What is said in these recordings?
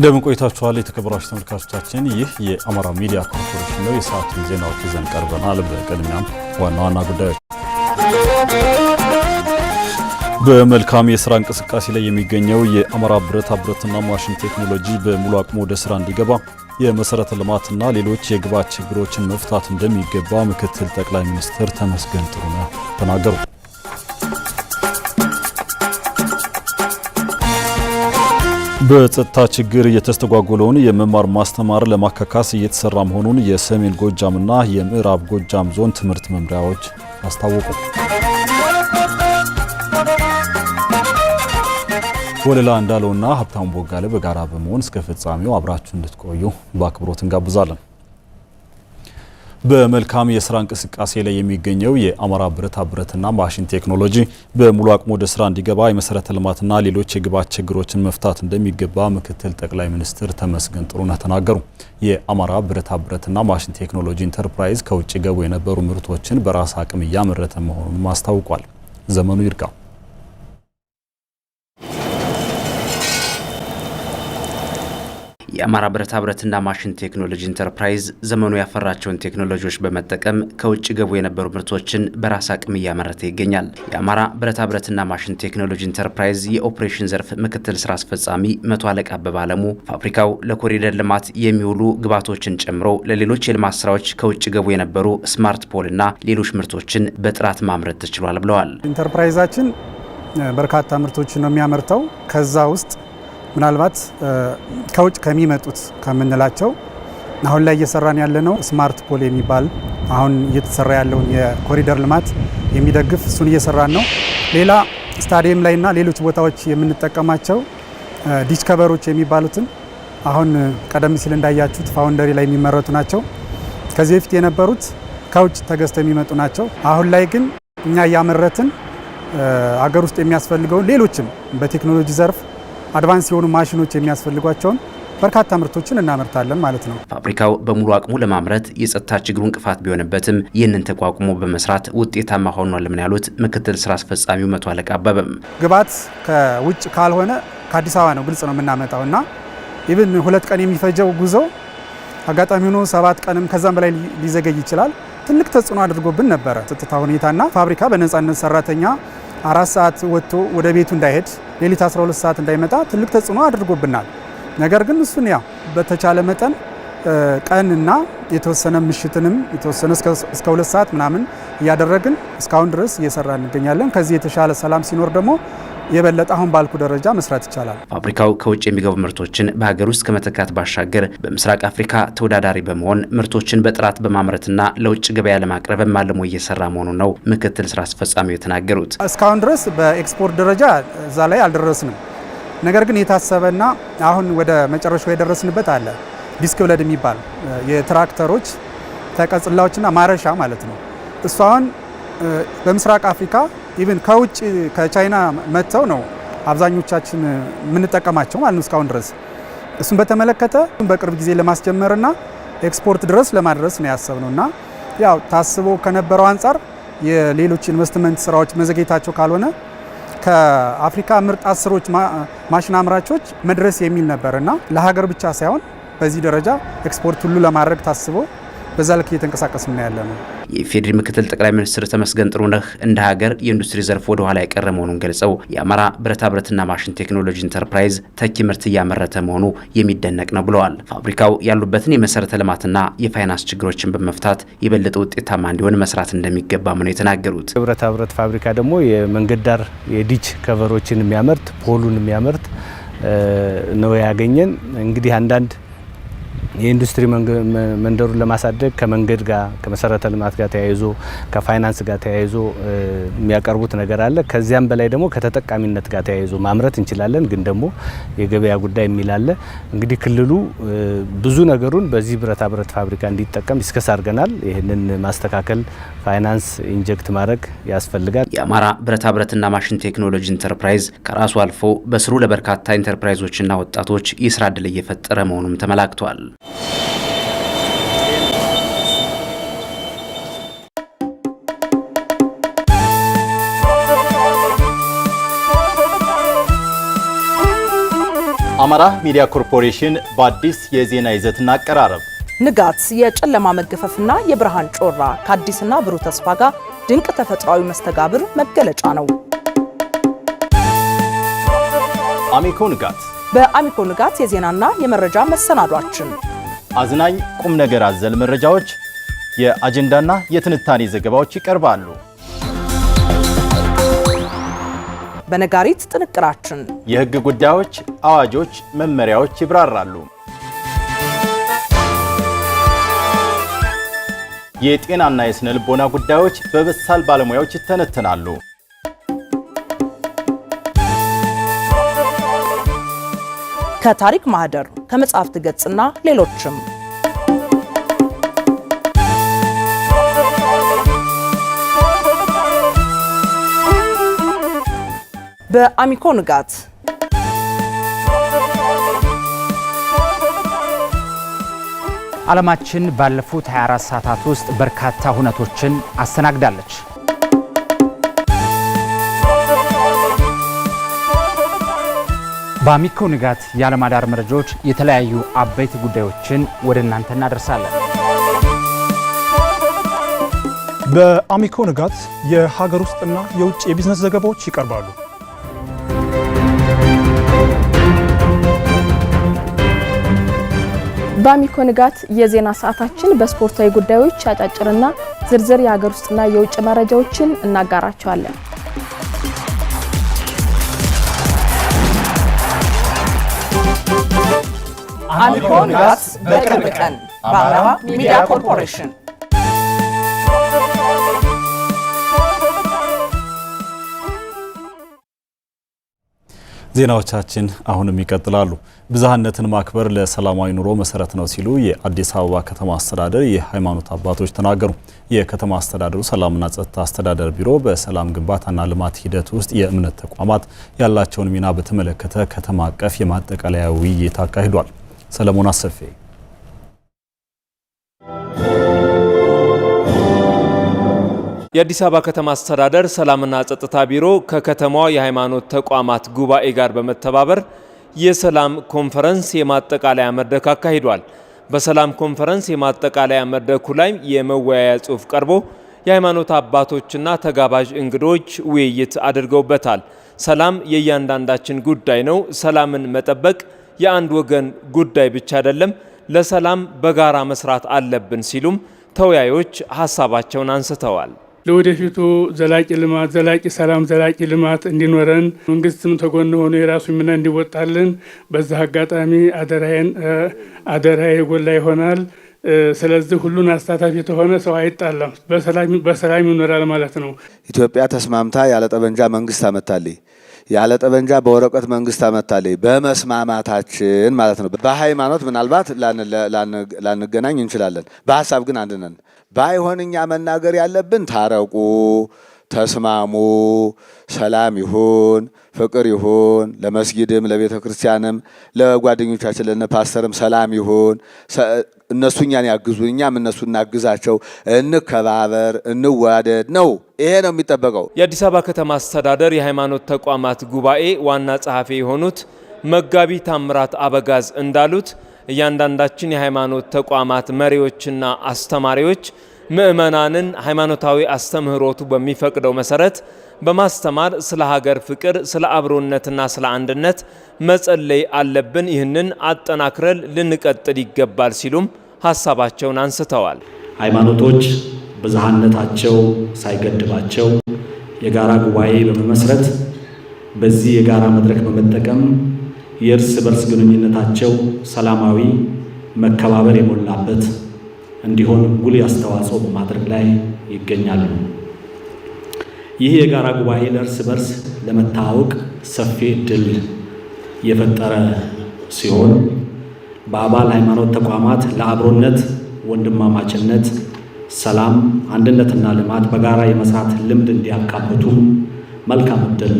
እንደምን ቆይታችኋል? የተከበራችሁ ተመልካቾቻችን፣ ይህ የአማራ ሚዲያ ኮርፖሬሽን ነው። የሰዓቱን ዜናዎች ይዘን ቀርበናል። በቅድሚያም ዋና ዋና ጉዳዮች። በመልካም የስራ እንቅስቃሴ ላይ የሚገኘው የአማራ ብረታ ብረትና ማሽን ቴክኖሎጂ በሙሉ አቅሙ ወደ ስራ እንዲገባ የመሰረተ ልማትና ሌሎች የግብዓት ችግሮችን መፍታት እንደሚገባ ምክትል ጠቅላይ ሚኒስትር ተመስገን ጥሩነህ ተናገሩ። በጸጥታ ችግር የተስተጓጎለውን የመማር ማስተማር ለማካካስ እየተሰራ መሆኑን የሰሜን ጎጃምና የምዕራብ ጎጃም ዞን ትምህርት መምሪያዎች አስታወቁ። ወለላ እንዳለውና ሀብታሙ ቦጋለ በጋራ በመሆን እስከ ፍጻሜው አብራችሁ እንድትቆዩ በአክብሮት እንጋብዛለን። በመልካም የስራ እንቅስቃሴ ላይ የሚገኘው የአማራ ብረታ ብረትና ማሽን ቴክኖሎጂ በሙሉ አቅሙ ወደ ስራ እንዲገባ የመሰረተ ልማትና ሌሎች የግብዓት ችግሮችን መፍታት እንደሚገባ ምክትል ጠቅላይ ሚኒስትር ተመስገን ጥሩነህ ተናገሩ። የአማራ ብረታ ብረትና ማሽን ቴክኖሎጂ ኢንተርፕራይዝ ከውጭ ገቡ የነበሩ ምርቶችን በራስ አቅም እያመረተ መሆኑንም አስታውቋል። ዘመኑ ይርጋው የአማራ ብረታ ብረትና ማሽን ቴክኖሎጂ ኢንተርፕራይዝ ዘመኑ ያፈራቸውን ቴክኖሎጂዎች በመጠቀም ከውጭ ገቡ የነበሩ ምርቶችን በራስ አቅም እያመረተ ይገኛል። የአማራ ብረታ ብረትና ማሽን ቴክኖሎጂ ኢንተርፕራይዝ የኦፕሬሽን ዘርፍ ምክትል ስራ አስፈጻሚ መቶ አለቃ አለሙ ፋብሪካው ለኮሪደር ልማት የሚውሉ ግብዓቶችን ጨምሮ ለሌሎች የልማት ስራዎች ከውጭ ገቡ የነበሩ ስማርት ፖልና ሌሎች ምርቶችን በጥራት ማምረት ተችሏል ብለዋል። ኢንተርፕራይዛችን በርካታ ምርቶችን ነው የሚያመርተው ከዛ ውስጥ ምናልባት ከውጭ ከሚመጡት ከምንላቸው አሁን ላይ እየሰራን ያለነው ስማርት ፖል የሚባል አሁን እየተሰራ ያለውን የኮሪደር ልማት የሚደግፍ እሱን እየሰራን ነው። ሌላ ስታዲየም ላይና ሌሎች ቦታዎች የምንጠቀማቸው ዲስከቨሮች የሚባሉትን አሁን ቀደም ሲል እንዳያችሁት ፋውንደሪ ላይ የሚመረቱ ናቸው። ከዚህ በፊት የነበሩት ከውጭ ተገዝተው የሚመጡ ናቸው። አሁን ላይ ግን እኛ እያመረትን አገር ውስጥ የሚያስፈልገውን ሌሎችም በቴክኖሎጂ ዘርፍ አድቫንስ የሆኑ ማሽኖች የሚያስፈልጓቸውን በርካታ ምርቶችን እናመርታለን ማለት ነው። ፋብሪካው በሙሉ አቅሙ ለማምረት የጸጥታ ችግሩ እንቅፋት ቢሆንበትም ይህንን ተቋቁሞ በመስራት ውጤታማ ሆኗልም ያሉት ምክትል ስራ አስፈጻሚው መቶ አለቃ አበበም ግብዓት ከውጭ ካልሆነ ከአዲስ አበባ ነው ግልጽ ነው የምናመጣው እና ኢብን ሁለት ቀን የሚፈጀው ጉዞ አጋጣሚ ሆኖ ሰባት ቀንም ከዛም በላይ ሊዘገይ ይችላል። ትልቅ ተጽዕኖ አድርጎብን ነበረ። ጸጥታ ሁኔታና ፋብሪካ በነጻነት ሰራተኛ አራት ሰዓት ወጥቶ ወደ ቤቱ እንዳይሄድ ሌሊት 12 ሰዓት እንዳይመጣ ትልቅ ተጽዕኖ አድርጎብናል። ነገር ግን እሱን ያ በተቻለ መጠን ቀንና የተወሰነ ምሽትንም የተወሰነ እስከ ሁለት ሰዓት ምናምን እያደረግን እስካሁን ድረስ እየሰራ እንገኛለን። ከዚህ የተሻለ ሰላም ሲኖር ደግሞ የበለጠ አሁን ባልኩ ደረጃ መስራት ይቻላል። ፋብሪካው ከውጭ የሚገቡ ምርቶችን በሀገር ውስጥ ከመተካት ባሻገር በምስራቅ አፍሪካ ተወዳዳሪ በመሆን ምርቶችን በጥራት በማምረትና ለውጭ ገበያ ለማቅረብ አልሞ እየሰራ መሆኑ ነው ምክትል ስራ አስፈጻሚው የተናገሩት። እስካሁን ድረስ በኤክስፖርት ደረጃ እዛ ላይ አልደረስንም። ነገር ግን የታሰበና አሁን ወደ መጨረሻው የደረስንበት አለ። ዲስክብለድ የሚባል የትራክተሮች ተቀጽላዎችና ማረሻ ማለት ነው። እሱ አሁን በምስራቅ አፍሪካ ኢቨን ከውጭ ከቻይና መጥተው ነው አብዛኞቻችን የምንጠቀማቸው ማለት ነው እስካሁን ድረስ። እሱን በተመለከተ በቅርብ ጊዜ ለማስጀመርና ኤክስፖርት ድረስ ለማድረስ ነው ያሰብነው እና ያው ታስቦ ከነበረው አንጻር የሌሎች ኢንቨስትመንት ስራዎች መዘግየታቸው ካልሆነ ከአፍሪካ ምርጥ አስሮች ማሽን አምራቾች መድረስ የሚል ነበር እና ለሀገር ብቻ ሳይሆን በዚህ ደረጃ ኤክስፖርት ሁሉ ለማድረግ ታስቦ በዛ ልክ እየተንቀሳቀስ ና ያለ ነው። የኢፌዴሪ ምክትል ጠቅላይ ሚኒስትር ተመስገን ጥሩነህ እንደ ሀገር የኢንዱስትሪ ዘርፍ ወደ ኋላ የቀረ መሆኑን ገልጸው የአማራ ብረትና ማሽን ቴክኖሎጂ ኢንተርፕራይዝ ተኪ ምርት እያመረተ መሆኑ የሚደነቅ ነው ብለዋል። ፋብሪካው ያሉበትን የመሰረተ ልማትና የፋይናንስ ችግሮችን በመፍታት የበለጠ ውጤታማ እንዲሆን መስራት እንደሚገባም ነው የተናገሩት። ብረት ፋብሪካ ደግሞ የመንገድ ዳር የዲች ከቨሮችን የሚያመርት ፖሉን የሚያመርት ነው ያገኘን እንግዲህ አንዳንድ የኢንዱስትሪ መንደሩን ለማሳደግ ከመንገድ ጋር ከመሰረተ ልማት ጋር ተያይዞ ከፋይናንስ ጋር ተያይዞ የሚያቀርቡት ነገር አለ። ከዚያም በላይ ደግሞ ከተጠቃሚነት ጋር ተያይዞ ማምረት እንችላለን፣ ግን ደግሞ የገበያ ጉዳይ የሚል አለ። እንግዲህ ክልሉ ብዙ ነገሩን በዚህ ብረታ ብረት ፋብሪካ እንዲጠቀም ዲስከስ አድርገናል። ይህንን ማስተካከል፣ ፋይናንስ ኢንጀክት ማድረግ ያስፈልጋል። የአማራ ብረታ ብረትና ማሽን ቴክኖሎጂ ኢንተርፕራይዝ ከራሱ አልፎ በስሩ ለበርካታ ኢንተርፕራይዞችና ወጣቶች የስራ እድል እየፈጠረ መሆኑም ተመላክቷል። አማራ ሚዲያ ኮርፖሬሽን በአዲስ የዜና ይዘትና አቀራረብ ንጋት፣ የጨለማ መገፈፍና የብርሃን ጮራ ከአዲስና ብሩህ ተስፋ ጋር ድንቅ ተፈጥሯዊ መስተጋብር መገለጫ ነው። አሚኮ ንጋት በአሚኮ ንጋት የዜናና የመረጃ መሰናዷችን አዝናኝ ቁም ነገር አዘል መረጃዎች፣ የአጀንዳና የትንታኔ ዘገባዎች ይቀርባሉ። በነጋሪት ጥንቅራችን የህግ ጉዳዮች፣ አዋጆች፣ መመሪያዎች ይብራራሉ። የጤናና የስነ ልቦና ጉዳዮች በበሳል ባለሙያዎች ይተነትናሉ። ከታሪክ ማህደር ከመጽሐፍት ገጽና ሌሎችም በአሚኮ ንጋት ዓለማችን ባለፉት 24 ሰዓታት ውስጥ በርካታ ሁነቶችን አስተናግዳለች። በአሚኮ ንጋት የአለማዳር መረጃዎች የተለያዩ አበይት ጉዳዮችን ወደ እናንተ እናደርሳለን። በአሚኮ ንጋት የሀገር ውስጥና የውጭ የቢዝነስ ዘገባዎች ይቀርባሉ። በአሚኮ ንጋት የዜና ሰዓታችን በስፖርታዊ ጉዳዮች አጫጭርና ዝርዝር የሀገር ውስጥና የውጭ መረጃዎችን እናጋራቸዋለን። አልኮ ንጋስ በቅርብ ቀን በአማራ ሚዲያ ኮርፖሬሽን ዜናዎቻችን አሁንም ይቀጥላሉ። ብዝሃነትን ማክበር ለሰላማዊ ኑሮ መሰረት ነው ሲሉ የአዲስ አበባ ከተማ አስተዳደር የሃይማኖት አባቶች ተናገሩ። የከተማ አስተዳደሩ ሰላምና ጸጥታ አስተዳደር ቢሮ በሰላም ግንባታና ልማት ሂደት ውስጥ የእምነት ተቋማት ያላቸውን ሚና በተመለከተ ከተማ አቀፍ የማጠቃለያ ውይይት አካሂዷል። ሰለሞን አሰፌ የአዲስ አበባ ከተማ አስተዳደር ሰላምና ጸጥታ ቢሮ ከከተማዋ የሃይማኖት ተቋማት ጉባኤ ጋር በመተባበር የሰላም ኮንፈረንስ የማጠቃለያ መድረክ አካሂዷል። በሰላም ኮንፈረንስ የማጠቃለያ መድረኩ ላይ የመወያያ ጽሑፍ ቀርቦ የሃይማኖት አባቶችና ተጋባዥ እንግዶች ውይይት አድርገውበታል። ሰላም የእያንዳንዳችን ጉዳይ ነው። ሰላምን መጠበቅ የአንድ ወገን ጉዳይ ብቻ አይደለም፣ ለሰላም በጋራ መስራት አለብን ሲሉም ተወያዮች ሀሳባቸውን አንስተዋል። ለወደፊቱ ዘላቂ ልማት፣ ዘላቂ ሰላም፣ ዘላቂ ልማት እንዲኖረን መንግስትም ተጎን ሆኖ የራሱ ሚና እንዲወጣልን በዚህ አጋጣሚ አደራ የጎላ ይሆናል። ስለዚህ ሁሉን አሳታፊ የተሆነ ሰው አይጣላም፣ በሰላም ይኖራል ማለት ነው። ኢትዮጵያ ተስማምታ ያለ ጠመንጃ መንግስት አመታልኝ ያለ ጠበንጃ በወረቀት መንግስት አመታለይ በመስማማታችን ማለት ነው። በሃይማኖት ምናልባት ላንገናኝ እንችላለን፣ በሀሳብ ግን አንድነን። ባይሆን እኛ መናገር ያለብን ታረቁ ተስማሙ። ሰላም ይሁን፣ ፍቅር ይሁን። ለመስጊድም ለቤተ ክርስቲያንም ለጓደኞቻችን ለነ ፓስተርም ሰላም ይሁን። እነሱ እኛን ያግዙ፣ እኛም እነሱ እናግዛቸው። እንከባበር፣ እንዋደድ ነው። ይሄ ነው የሚጠበቀው። የአዲስ አበባ ከተማ አስተዳደር የሃይማኖት ተቋማት ጉባኤ ዋና ጸሐፊ የሆኑት መጋቢ ታምራት አበጋዝ እንዳሉት እያንዳንዳችን የሃይማኖት ተቋማት መሪዎችና አስተማሪዎች ምዕመናንን ሃይማኖታዊ አስተምህሮቱ በሚፈቅደው መሰረት በማስተማር ስለ ሀገር ፍቅር፣ ስለ አብሮነትና ስለ አንድነት መጸለይ አለብን። ይህንን አጠናክረን ልንቀጥል ይገባል ሲሉም ሀሳባቸውን አንስተዋል። ሃይማኖቶች ብዝሃነታቸው ሳይገድባቸው የጋራ ጉባኤ በመመስረት በዚህ የጋራ መድረክ በመጠቀም የእርስ በርስ ግንኙነታቸው ሰላማዊ መከባበር የሞላበት እንዲሆን ጉልህ አስተዋጽኦ በማድረግ ላይ ይገኛሉ። ይህ የጋራ ጉባኤ ለእርስ በርስ ለመታወቅ ሰፊ እድል የፈጠረ ሲሆን በአባል ሃይማኖት ተቋማት ለአብሮነት፣ ወንድማማችነት፣ ሰላም፣ አንድነትና ልማት በጋራ የመስራት ልምድ እንዲያካብቱ መልካም እድል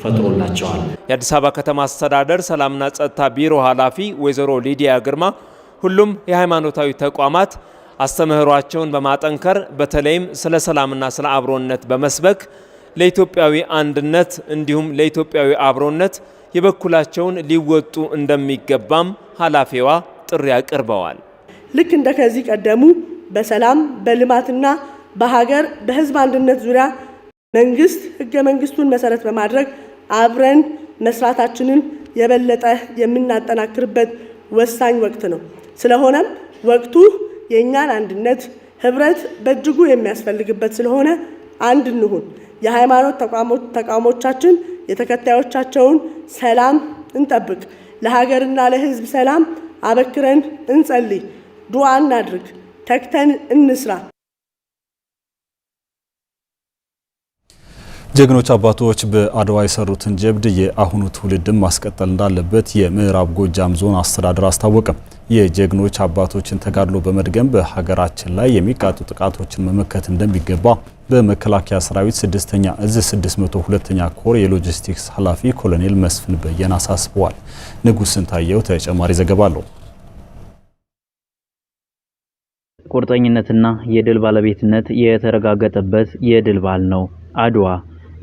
ፈጥሮላቸዋል። የአዲስ አበባ ከተማ አስተዳደር ሰላምና ጸጥታ ቢሮ ኃላፊ ወይዘሮ ሊዲያ ግርማ ሁሉም የሃይማኖታዊ ተቋማት አስተምህሯቸውን በማጠንከር በተለይም ስለ ሰላምና ስለ አብሮነት በመስበክ ለኢትዮጵያዊ አንድነት እንዲሁም ለኢትዮጵያዊ አብሮነት የበኩላቸውን ሊወጡ እንደሚገባም ኃላፊዋ ጥሪ አቅርበዋል። ልክ እንደ ከዚህ ቀደሙ በሰላም በልማትና በሀገር በህዝብ አንድነት ዙሪያ መንግስት ህገ መንግስቱን መሰረት በማድረግ አብረን መስራታችንን የበለጠ የምናጠናክርበት ወሳኝ ወቅት ነው። ስለሆነም ወቅቱ የእኛን አንድነት፣ ህብረት በእጅጉ የሚያስፈልግበት ስለሆነ አንድ እንሁን። የሃይማኖት ተቋሞቻችን የተከታዮቻቸውን ሰላም እንጠብቅ። ለሀገርና ለህዝብ ሰላም አበክረን እንጸልይ፣ ዱዓ እናድርግ፣ ተግተን እንስራ። ጀግኖች አባቶች በአድዋ የሰሩትን ጀብድ የአሁኑ ትውልድም ማስቀጠል እንዳለበት የምዕራብ ጎጃም ዞን አስተዳደር አስታወቀ። የጀግኖች አባቶችን ተጋድሎ በመድገም በሀገራችን ላይ የሚቃጡ ጥቃቶችን መመከት እንደሚገባ በመከላከያ ሰራዊት ስድስተኛ እዝ 602ኛ ኮር የሎጂስቲክስ ኃላፊ ኮሎኔል መስፍን በየን አሳስበዋል። ንጉሥ ስንታየው ተጨማሪ ዘገባ አለው። ቁርጠኝነትና የድል ባለቤትነት የተረጋገጠበት የድል በዓል ነው አድዋ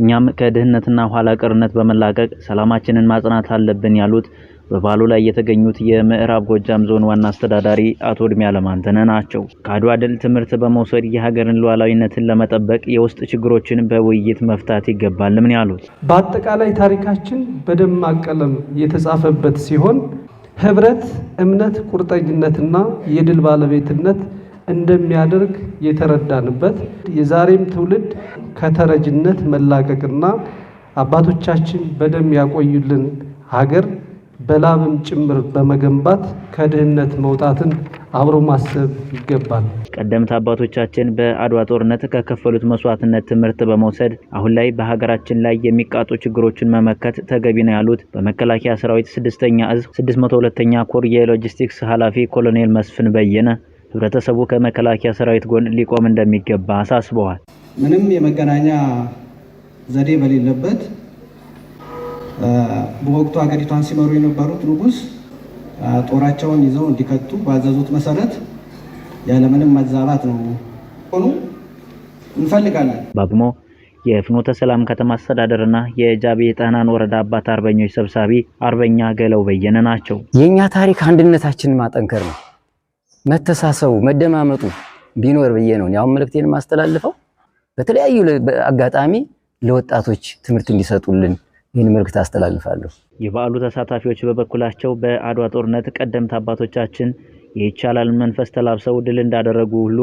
እኛም ከድህነትና ኋላ ቀርነት በመላቀቅ ሰላማችንን ማጽናት አለብን ያሉት በባሉ ላይ የተገኙት የምዕራብ ጎጃም ዞን ዋና አስተዳዳሪ አቶ እድሜ አለማንተነ ናቸው። ከአድዋ ድል ትምህርት በመውሰድ የሀገርን ሉዓላዊነትን ለመጠበቅ የውስጥ ችግሮችን በውይይት መፍታት ይገባል ምን ያሉት በአጠቃላይ ታሪካችን በደማቅ ቀለም የተጻፈበት ሲሆን ህብረት፣ እምነት፣ ቁርጠኝነትና የድል ባለቤትነት እንደሚያደርግ የተረዳንበት የዛሬም ትውልድ ከተረጅነት መላቀቅና አባቶቻችን በደም ያቆዩልን ሀገር በላብም ጭምር በመገንባት ከድህነት መውጣትን አብሮ ማሰብ ይገባል። ቀደምት አባቶቻችን በአድዋ ጦርነት ከከፈሉት መስዋዕትነት ትምህርት በመውሰድ አሁን ላይ በሀገራችን ላይ የሚቃጡ ችግሮችን መመከት ተገቢ ነው ያሉት በመከላከያ ሰራዊት ስድስተኛ እዝ መቶ ኛ ኮር የሎጂስቲክስ ኃላፊ ኮሎኔል መስፍን በየነ ህብረተሰቡ ከመከላከያ ሰራዊት ጎን ሊቆም እንደሚገባ አሳስበዋል። ምንም የመገናኛ ዘዴ በሌለበት በወቅቱ ሀገሪቷን ሲመሩ የነበሩት ንጉስ ጦራቸውን ይዘው እንዲከቱ ባዘዙት መሰረት ያለምንም መዛባት ነው ሆኑ እንፈልጋለን። ባግሞ የፍኖተ ሰላም ከተማ አስተዳደርና የጃቤ ጠህናን ወረዳ አባት አርበኞች ሰብሳቢ አርበኛ ገለው በየነ ናቸው። የእኛ ታሪክ አንድነታችንን ማጠንከር ነው። መተሳሰቡ መደማመጡ ቢኖር ብዬ ነው አሁን መልእክቴን ማስተላልፈው። በተለያዩ አጋጣሚ ለወጣቶች ትምህርት እንዲሰጡልን ይህን መልእክት አስተላልፋለሁ። የበዓሉ ተሳታፊዎች በበኩላቸው በአድዋ ጦርነት ቀደምት አባቶቻችን የይቻላል መንፈስ ተላብሰው ድል እንዳደረጉ ሁሉ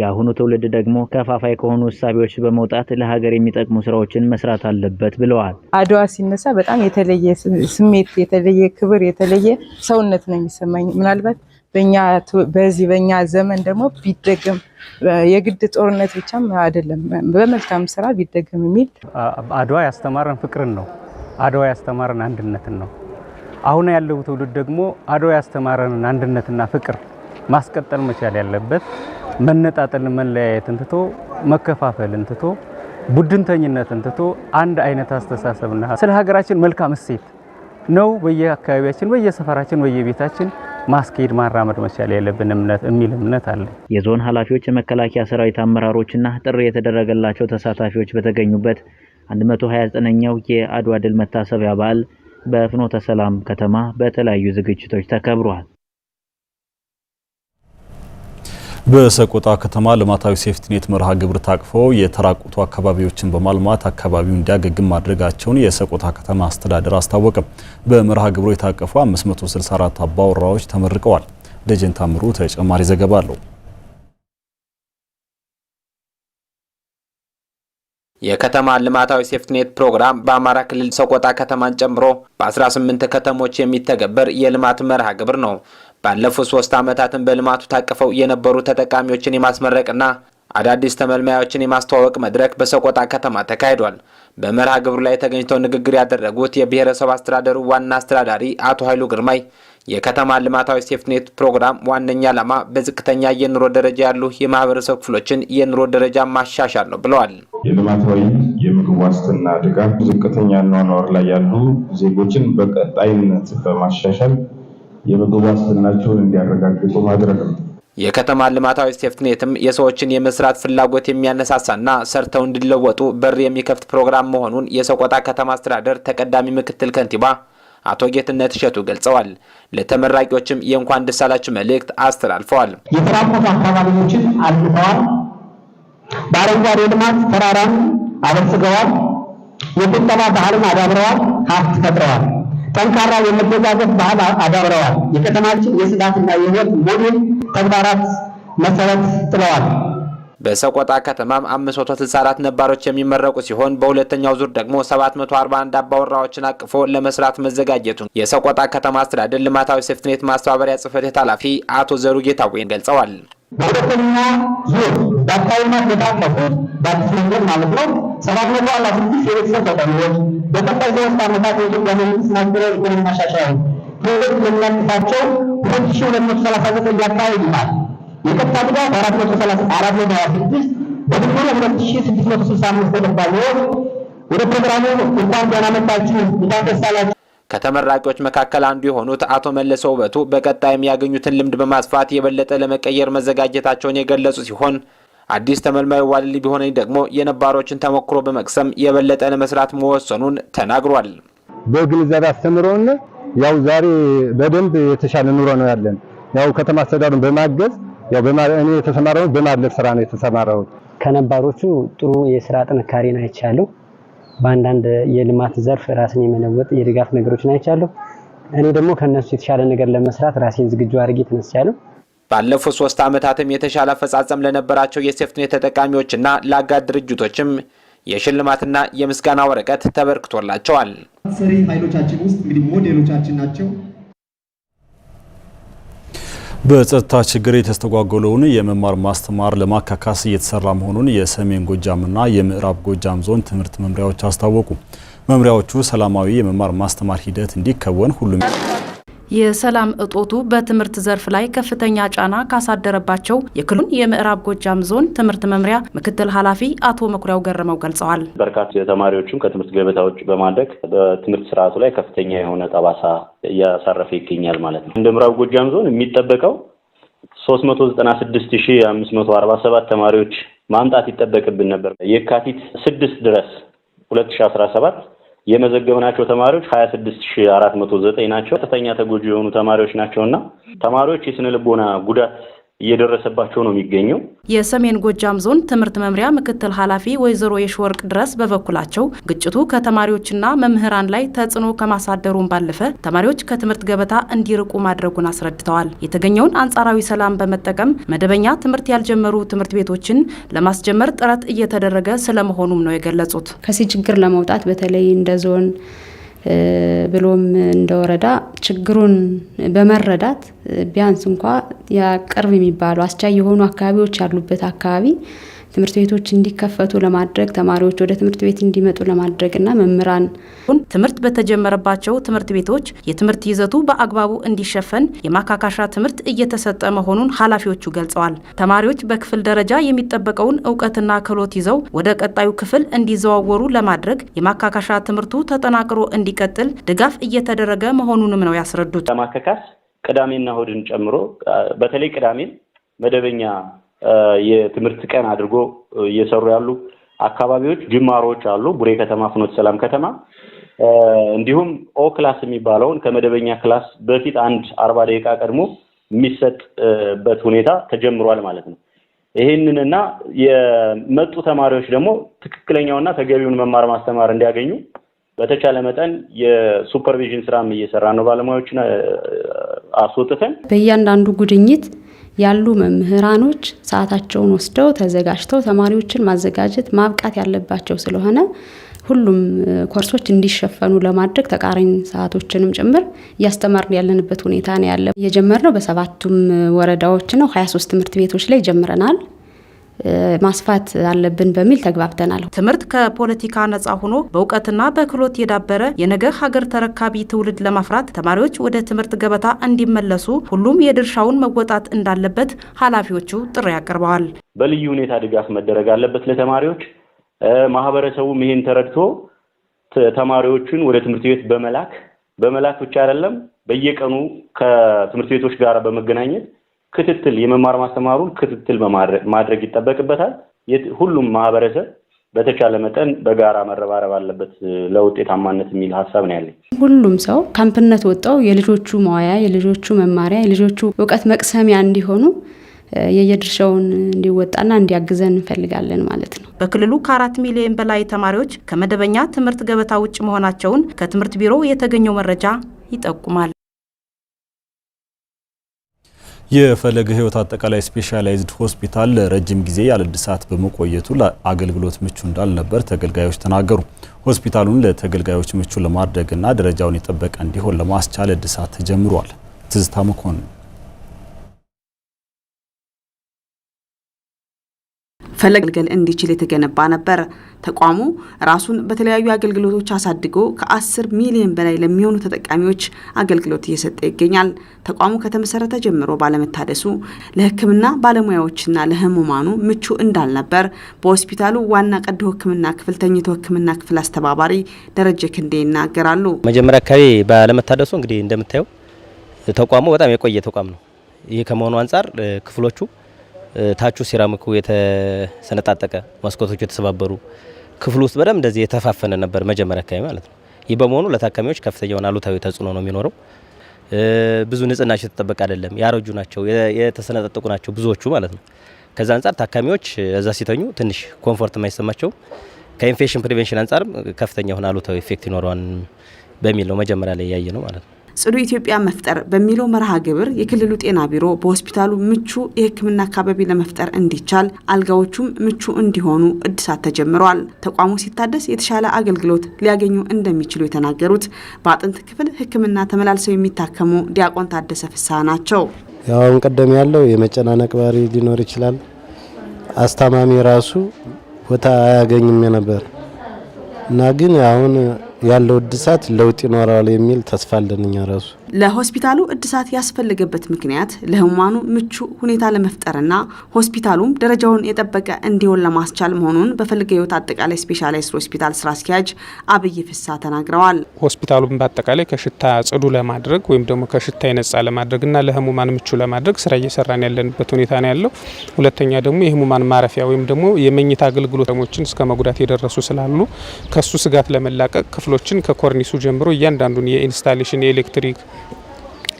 የአሁኑ ትውልድ ደግሞ ከፋፋይ ከሆኑ እሳቤዎች በመውጣት ለሀገር የሚጠቅሙ ስራዎችን መስራት አለበት ብለዋል። አድዋ ሲነሳ በጣም የተለየ ስሜት፣ የተለየ ክብር፣ የተለየ ሰውነት ነው የሚሰማኝ ምናልባት በኛ በዚህ በኛ ዘመን ደግሞ ቢደገም የግድ ጦርነት ብቻም አይደለም፣ በመልካም ስራ ቢደገም የሚል አድዋ ያስተማረን ፍቅርን ነው። አድዋ ያስተማረን አንድነትን ነው። አሁን ያለው ትውልድ ደግሞ አድዋ ያስተማረንን አንድነትና ፍቅር ማስቀጠል መቻል ያለበት መነጣጠልን፣ መለያየትን ትቶ መከፋፈልን ትቶ ቡድንተኝነትን ትቶ አንድ አይነት አስተሳሰብና ስለ ሀገራችን መልካም እሴት ነው በየአካባቢያችን፣ በየሰፈራችን፣ በየቤታችን ማስኬድ ማራመድ መቻል ያለብን እምነት የሚል እምነት አለ። የዞን ኃላፊዎች፣ የመከላከያ ሰራዊት አመራሮችና ጥሪ የተደረገላቸው ተሳታፊዎች በተገኙበት 129ኛው የአድዋ ድል መታሰቢያ በዓል በፍኖተ ሰላም ከተማ በተለያዩ ዝግጅቶች ተከብሯል። በሰቆጣ ከተማ ልማታዊ ሴፍቲኔት መርሃ ግብር ታቅፎ የተራቁቱ አካባቢዎችን በማልማት አካባቢው እንዲያገግም ማድረጋቸውን የሰቆጣ ከተማ አስተዳደር አስታወቀም። በመርሃ ግብሩ የታቀፉ 564 አባወራዎች ተመርቀዋል። ደጀን ታምሩ ተጨማሪ ዘገባ አለው። የከተማ ልማታዊ ሴፍትኔት ፕሮግራም በአማራ ክልል ሰቆጣ ከተማን ጨምሮ በ18 ከተሞች የሚተገበር የልማት መርሃ ግብር ነው። ባለፉት ሶስት ዓመታትን በልማቱ ታቅፈው የነበሩ ተጠቃሚዎችን የማስመረቅና አዳዲስ ተመልማዮችን የማስተዋወቅ መድረክ በሰቆጣ ከተማ ተካሂዷል። በመርሃ ግብሩ ላይ ተገኝተው ንግግር ያደረጉት የብሔረሰብ አስተዳደሩ ዋና አስተዳዳሪ አቶ ኃይሉ ግርማይ የከተማ ልማታዊ ሴፍትኔት ፕሮግራም ዋነኛ ዓላማ በዝቅተኛ የኑሮ ደረጃ ያሉ የማህበረሰብ ክፍሎችን የኑሮ ደረጃ ማሻሻል ነው ብለዋል። የልማታዊ የምግብ ዋስትና ድጋፍ ዝቅተኛ ኗኗር ላይ ያሉ ዜጎችን በቀጣይነት በማሻሻል የምግብ ዋስትናቸውን እንዲያረጋግጡ ማድረግ ነው። የከተማ ልማታዊ ሴፍትኔትም የሰዎችን የመስራት ፍላጎት የሚያነሳሳና ሰርተው እንዲለወጡ በር የሚከፍት ፕሮግራም መሆኑን የሰቆጣ ከተማ አስተዳደር ተቀዳሚ ምክትል ከንቲባ አቶ ጌትነት እሸቱ ገልጸዋል። ለተመራቂዎችም የእንኳን ደስ አላችሁ መልእክት አስተላልፈዋል። የተራቆቱ አካባቢዎችን አልምተዋል። በአረንጓዴ ልማት ተራራን አበልጽገዋል። የቁጠባ ባህልን አዳብረዋል። ሀብት ፈጥረዋል። ጠንካራ የመደጋገፍ ባህል አዳብረዋል። የከተማችን የጽዳትና የህይወት ሞዴል ተግባራት መሰረት ጥለዋል። በሰቆጣ ከተማም 564 ነባሮች የሚመረቁ ሲሆን በሁለተኛው ዙር ደግሞ 741 አባወራዎችን አቅፎ ለመስራት መዘጋጀቱን የሰቆጣ ከተማ አስተዳደር ልማታዊ ሴፍትኔት ማስተባበሪያ ጽህፈት ቤት ኃላፊ አቶ ዘሩ ጌታዌን ገልጸዋል። በሁለተኛ ዙር በአካባቢማት የታቀፉት በአዲስ መንገድ ማለት ነው ሰባት መቶ አርባ ስድስት የቤተሰብ ተጠሪዎች በቀጣይ ሶስት ዓመታት የኢትዮጵያ መንግስት ማክሮ ኢኮኖሚ ማሻሻያዊ ፕሮጀክት ለሚያቅፋቸው ሁለት ሺ ሁለት መቶ ሰላሳ ዘጠኝ የአካባቢ ልማት የቀጥታ ድጋፍ አራት መቶ ሰላሳ አራት መቶ ሀያ ስድስት በድምሩ ሁለት ሺ ስድስት መቶ ስልሳ አምስት ተቀባዮች ወደ ፕሮግራሙ እንኳን ደህና መጣችሁ እንኳን ደስ አላችሁ ከተመራቂዎች መካከል አንዱ የሆኑት አቶ መለሰ ውበቱ በቀጣይ የሚያገኙትን ልምድ በማስፋት የበለጠ ለመቀየር መዘጋጀታቸውን የገለጹ ሲሆን አዲስ ተመልማዩ ዋልል ቢሆነኝ ደግሞ የነባሮችን ተሞክሮ በመቅሰም የበለጠ ለመስራት መወሰኑን ተናግሯል። በግንዛቤ አስተምረውን ያው ዛሬ በደንብ የተሻለ ኑሮ ነው ያለን። ያው ከተማ አስተዳደሩን በማገዝ ያው እኔ የተሰማራሁት በማድለብ ስራ ነው የተሰማረው። ከነባሮቹ ጥሩ የስራ ጥንካሬን አይቻለሁ። በአንዳንድ የልማት ዘርፍ ራስን የመለወጥ የድጋፍ ነገሮችን አይቻለሁ። እኔ ደግሞ ከእነሱ የተሻለ ነገር ለመስራት ራሴን ዝግጁ አድርጌ ተነስቻለሁ። ባለፉት ሶስት ዓመታትም የተሻለ አፈጻጸም ለነበራቸው የሴፍትኔት ተጠቃሚዎችና ለአጋር ድርጅቶችም የሽልማትና የምስጋና ወረቀት ተበርክቶላቸዋል። ስሪ ኃይሎቻችን ውስጥ እንግዲህ ሞዴሎቻችን ናቸው። በጸጥታ ችግር የተስተጓጎለውን የመማር ማስተማር ለማካካስ እየተሰራ መሆኑን የሰሜን ጎጃምና የምዕራብ ጎጃም ዞን ትምህርት መምሪያዎች አስታወቁ። መምሪያዎቹ ሰላማዊ የመማር ማስተማር ሂደት እንዲከወን ሁሉም የሰላም እጦቱ በትምህርት ዘርፍ ላይ ከፍተኛ ጫና ካሳደረባቸው የክልሉን የምዕራብ ጎጃም ዞን ትምህርት መምሪያ ምክትል ኃላፊ አቶ መኩሪያው ገርመው ገልጸዋል። በርካታ ተማሪዎቹም ከትምህርት ገበታ ውጭ በማድረግ በትምህርት ስርዓቱ ላይ ከፍተኛ የሆነ ጠባሳ እያሳረፈ ይገኛል ማለት ነው። እንደ ምዕራብ ጎጃም ዞን የሚጠበቀው ሶስት መቶ ዘጠና ስድስት ሺ አምስት መቶ አርባ ሰባት ተማሪዎች ማምጣት ይጠበቅብን ነበር የካቲት ስድስት ድረስ ሁለት ሺ አስራ ሰባት የመዘገብናቸው ተማሪዎች 26409 ናቸው። ተጎጂ የሆኑ ተማሪዎች ናቸውና ተማሪዎች የስነ ልቦና ጉዳት እየደረሰባቸው ነው የሚገኘው። የሰሜን ጎጃም ዞን ትምህርት መምሪያ ምክትል ኃላፊ ወይዘሮ የሽወርቅ ድረስ በበኩላቸው ግጭቱ ከተማሪዎችና መምህራን ላይ ተጽዕኖ ከማሳደሩን ባለፈ ተማሪዎች ከትምህርት ገበታ እንዲርቁ ማድረጉን አስረድተዋል። የተገኘውን አንጻራዊ ሰላም በመጠቀም መደበኛ ትምህርት ያልጀመሩ ትምህርት ቤቶችን ለማስጀመር ጥረት እየተደረገ ስለመሆኑም ነው የገለጹት። ከዚህ ችግር ለመውጣት በተለይ እንደ ዞን ብሎም እንደ ወረዳ ችግሩን በመረዳት ቢያንስ እንኳ ያ ቅርብ የሚባሉ አስቻይ የሆኑ አካባቢዎች ያሉበት አካባቢ ትምህርት ቤቶች እንዲከፈቱ ለማድረግ ተማሪዎች ወደ ትምህርት ቤት እንዲመጡ ለማድረግና መምህራን ትምህርት በተጀመረባቸው ትምህርት ቤቶች የትምህርት ይዘቱ በአግባቡ እንዲሸፈን የማካካሻ ትምህርት እየተሰጠ መሆኑን ኃላፊዎቹ ገልጸዋል። ተማሪዎች በክፍል ደረጃ የሚጠበቀውን እውቀትና ክህሎት ይዘው ወደ ቀጣዩ ክፍል እንዲዘዋወሩ ለማድረግ የማካካሻ ትምህርቱ ተጠናክሮ እንዲቀጥል ድጋፍ እየተደረገ መሆኑንም ነው ያስረዱት። ለማካካስ ቅዳሜና እሁድን ጨምሮ በተለይ ቅዳሜን መደበኛ የትምህርት ቀን አድርጎ እየሰሩ ያሉ አካባቢዎች ጅማሮዎች አሉ። ቡሬ ከተማ፣ ፍኖት ሰላም ከተማ እንዲሁም ኦ ክላስ የሚባለውን ከመደበኛ ክላስ በፊት አንድ አርባ ደቂቃ ቀድሞ የሚሰጥበት ሁኔታ ተጀምሯል ማለት ነው። ይህንንና የመጡ ተማሪዎች ደግሞ ትክክለኛውና ተገቢውን መማር ማስተማር እንዲያገኙ በተቻለ መጠን የሱፐርቪዥን ስራም እየሰራ ነው ባለሙያዎችን አስወጥተን በእያንዳንዱ ጉድኝት ያሉ መምህራኖች ሰዓታቸውን ወስደው ተዘጋጅተው ተማሪዎችን ማዘጋጀት ማብቃት ያለባቸው ስለሆነ ሁሉም ኮርሶች እንዲሸፈኑ ለማድረግ ተቃራኒ ሰዓቶችንም ጭምር እያስተማርን ያለንበት ሁኔታ ነው ያለ። የጀመርነው በሰባቱም ወረዳዎች ነው። ሀያ ሶስት ትምህርት ቤቶች ላይ ጀምረናል። ማስፋት አለብን በሚል ተግባብተናል። ትምህርት ከፖለቲካ ነጻ ሆኖ በእውቀትና በክህሎት የዳበረ የነገ ሀገር ተረካቢ ትውልድ ለማፍራት ተማሪዎች ወደ ትምህርት ገበታ እንዲመለሱ ሁሉም የድርሻውን መወጣት እንዳለበት ኃላፊዎቹ ጥሪ አቅርበዋል። በልዩ ሁኔታ ድጋፍ መደረግ አለበት ለተማሪዎች። ማህበረሰቡም ይሄን ተረድቶ ተማሪዎቹን ወደ ትምህርት ቤት በመላክ በመላክ ብቻ አይደለም በየቀኑ ከትምህርት ቤቶች ጋር በመገናኘት ክትትል የመማር ማስተማሩን ክትትል ማድረግ ይጠበቅበታል። ሁሉም ማህበረሰብ በተቻለ መጠን በጋራ መረባረብ አለበት ለውጤታማነት የሚል ሀሳብ ነው ያለኝ። ሁሉም ሰው ካምፕነት ወጣው የልጆቹ መዋያ፣ የልጆቹ መማሪያ፣ የልጆቹ እውቀት መቅሰሚያ እንዲሆኑ የየድርሻውን እንዲወጣና እንዲያግዘን እንፈልጋለን ማለት ነው። በክልሉ ከአራት ሚሊዮን በላይ ተማሪዎች ከመደበኛ ትምህርት ገበታ ውጭ መሆናቸውን ከትምህርት ቢሮ የተገኘው መረጃ ይጠቁማል። የፈለገ ሕይወት አጠቃላይ ስፔሻላይዝድ ሆስፒታል ለረጅም ጊዜ ያለ እድሳት በመቆየቱ ለአገልግሎት ምቹ እንዳልነበር ተገልጋዮች ተናገሩ። ሆስፒታሉን ለተገልጋዮች ምቹ ለማድረግና ደረጃውን የጠበቀ እንዲሆን ለማስቻል እድሳት ተጀምሯል። ትዝታ መኮንን ፈለገልገል እንዲችል የተገነባ ነበር። ተቋሙ ራሱን በተለያዩ አገልግሎቶች አሳድጎ ከ10 ሚሊዮን በላይ ለሚሆኑ ተጠቃሚዎች አገልግሎት እየሰጠ ይገኛል። ተቋሙ ከተመሰረተ ጀምሮ ባለመታደሱ ለሕክምና ባለሙያዎችና ለህሙማኑ ምቹ እንዳልነበር በሆስፒታሉ ዋና ቀዶ ሕክምና ክፍል ተኝቶ ሕክምና ክፍል አስተባባሪ ደረጀ ክንዴ ይናገራሉ። መጀመሪያ አካባቢ ባለመታደሱ እንግዲህ እንደምታየው ተቋሙ በጣም የቆየ ተቋም ነው። ይህ ከመሆኑ አንጻር ክፍሎቹ ታቹ ሴራሚኩ የተሰነጣጠቀ መስኮቶቹ የተሰባበሩ ክፍሉ ውስጥ በደንብ እንደዚህ የተፋፈነ ነበር መጀመሪያ አካባቢ ማለት ነው። ይህ በመሆኑ ለታካሚዎች ከፍተኛ የሆነ አሉታዊ ተጽዕኖ ነው የሚኖረው። ብዙ ንጽህናቸው የተጠበቀ አይደለም። ያረጁ ናቸው፣ የተሰነጣጠቁ ናቸው ብዙዎቹ ማለት ነው። ከዛ አንጻር ታካሚዎች እዛ ሲተኙ ትንሽ ኮምፎርት የማይሰማቸው ከኢንፌክሽን ፕሪቬንሽን አንጻርም ከፍተኛ የሆነ አሉታዊ ኢፌክት ይኖረዋል በሚል ነው መጀመሪያ ላይ ያየ ነው ማለት ነው። ጽዱ ኢትዮጵያ መፍጠር በሚለው መርሃ ግብር የክልሉ ጤና ቢሮ በሆስፒታሉ ምቹ የሕክምና አካባቢ ለመፍጠር እንዲቻል አልጋዎቹም ምቹ እንዲሆኑ እድሳት ተጀምረዋል። ተቋሙ ሲታደስ የተሻለ አገልግሎት ሊያገኙ እንደሚችሉ የተናገሩት በአጥንት ክፍል ሕክምና ተመላልሰው የሚታከሙ ዲያቆን ታደሰ ፍስሐ ናቸው። ያው አሁን ቀደም ያለው የመጨናነቅ ባህሪ ሊኖር ይችላል። አስታማሚ ራሱ ቦታ አያገኝም ነበር እና ግን አሁን ያለው እድሳት ለውጥ ይኖራል የሚል ተስፋ አለን እኛ ራሱ ለሆስፒታሉ እድሳት ያስፈለገበት ምክንያት ለህሙማኑ ምቹ ሁኔታ ለመፍጠርና ሆስፒታሉም ደረጃውን የጠበቀ እንዲሆን ለማስቻል መሆኑን በፈልገ ሕይወት አጠቃላይ ስፔሻላይስት ሆስፒታል ስራ አስኪያጅ አብይ ፍሳ ተናግረዋል። ሆስፒታሉም በአጠቃላይ ከሽታ ጽዱ ለማድረግ ወይም ደግሞ ከሽታ የነጻ ለማድረግና ለህሙማን ምቹ ለማድረግ ስራ እየሰራን ያለንበት ሁኔታ ነው ያለው። ሁለተኛ ደግሞ የህሙማን ማረፊያ ወይም ደግሞ የመኝታ አገልግሎቶችን እስከ መጉዳት የደረሱ ስላሉ ከሱ ስጋት ለመላቀቅ ክፍሎችን ከኮርኒሱ ጀምሮ እያንዳንዱን የኢንስታሌሽን የኤሌክትሪክ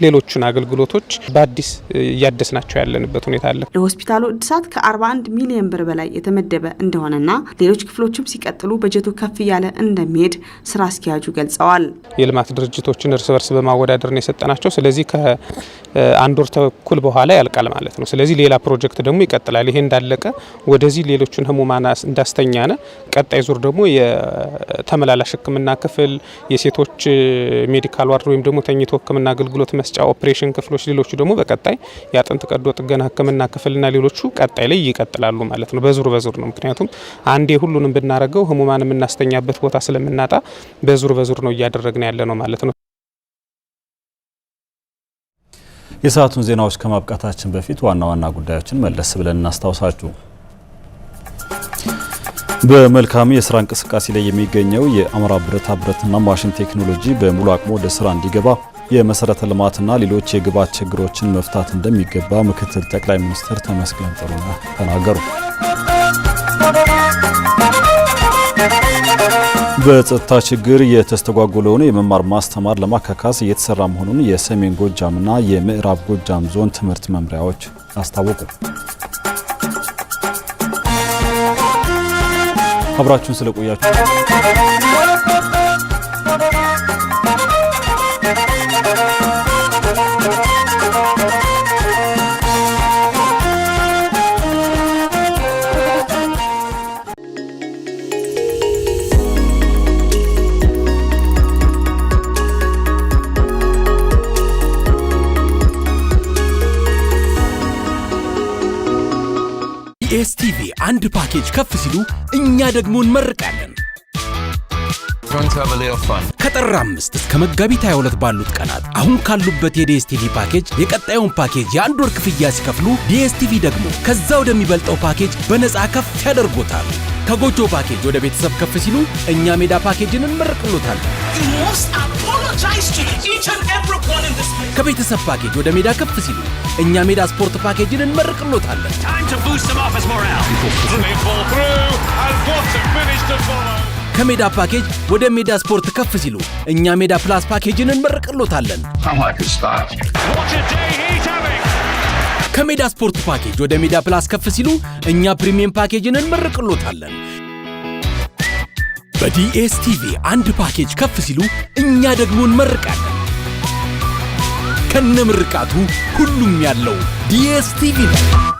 ሌሎቹን አገልግሎቶች በአዲስ እያደስናቸው ያለንበት ሁኔታ አለ። ለሆስፒታሉ እድሳት ከ41 ሚሊዮን ብር በላይ የተመደበ እንደሆነና ሌሎች ክፍሎችም ሲቀጥሉ በጀቱ ከፍ እያለ እንደሚሄድ ስራ አስኪያጁ ገልጸዋል። የልማት ድርጅቶችን እርስ በርስ በማወዳደር ነው የሰጠናቸው። ስለዚህ ከአንድ ወር ተኩል በኋላ ያልቃል ማለት ነው። ስለዚህ ሌላ ፕሮጀክት ደግሞ ይቀጥላል። ይሄ እንዳለቀ ወደዚህ ሌሎችን ህሙማን እንዳስተኛነ ቀጣይ ዙር ደግሞ የተመላላሽ ህክምና ክፍል የሴቶች ሜዲካል ዋርድ ወይም ደግሞ ተኝቶ ህክምና አገልግሎት መስ መስጫ ኦፕሬሽን ክፍሎች፣ ሌሎቹ ደግሞ በቀጣይ የአጥንት ቀዶ ጥገና ህክምና ክፍልና ሌሎቹ ቀጣይ ላይ ይቀጥላሉ ማለት ነው። በዙር በዙር ነው። ምክንያቱም አንዴ ሁሉንም ብናደርገው ህሙማን የምናስተኛበት ቦታ ስለምናጣ በዙር በዙር ነው እያደረግን ያለ ነው ማለት ነው። የሰዓቱን ዜናዎች ከማብቃታችን በፊት ዋና ዋና ጉዳዮችን መለስ ብለን እናስታውሳችሁ። በመልካም የስራ እንቅስቃሴ ላይ የሚገኘው የአማራ ብረታ ብረትና ማሽን ቴክኖሎጂ በሙሉ አቅሙ ወደ ስራ እንዲገባ የመሰረተ ልማትና ሌሎች የግብዓት ችግሮችን መፍታት እንደሚገባ ምክትል ጠቅላይ ሚኒስትር ተመስገን ጥሩነህ ተናገሩ። በጸጥታ ችግር የተስተጓጎለውን የመማር ማስተማር ለማካካስ እየተሰራ መሆኑን የሰሜን ጎጃምና የምዕራብ ጎጃም ዞን ትምህርት መምሪያዎች አስታወቁ። አብራችሁን ስለቆያችሁ አንድ ፓኬጅ ከፍ ሲሉ እኛ ደግሞ እንመርቃለን። ከጥር አምስት እስከ መጋቢት 22 ባሉት ቀናት አሁን ካሉበት የዲኤስቲቪ ፓኬጅ የቀጣዩን ፓኬጅ የአንድ ወር ክፍያ ሲከፍሉ ዲኤስቲቪ ደግሞ ከዛ ወደሚበልጠው ፓኬጅ በነፃ ከፍ ያደርጎታል። ከጎጆ ፓኬጅ ወደ ቤተሰብ ከፍ ሲሉ እኛ ሜዳ ፓኬጅን እንመርቅሎታለን። ከቤተሰብ ፓኬጅ ወደ ሜዳ ከፍ ሲሉ እኛ ሜዳ ስፖርት ፓኬጅን እንመርቅሎታለን። ከሜዳ ፓኬጅ ወደ ሜዳ ስፖርት ከፍ ሲሉ እኛ ሜዳ ፕላስ ፓኬጅን እንመርቅሎታለን። ከሜዳ ስፖርት ፓኬጅ ወደ ሜዳ ፕላስ ከፍ ሲሉ እኛ ፕሪሚየም ፓኬጅን እንመርቅሎታለን። በዲኤስቲቪ አንድ ፓኬጅ ከፍ ሲሉ እኛ ደግሞ እንመርቃለን። ከነ ምርቃቱ ሁሉም ያለው ዲኤስቲቪ ነው።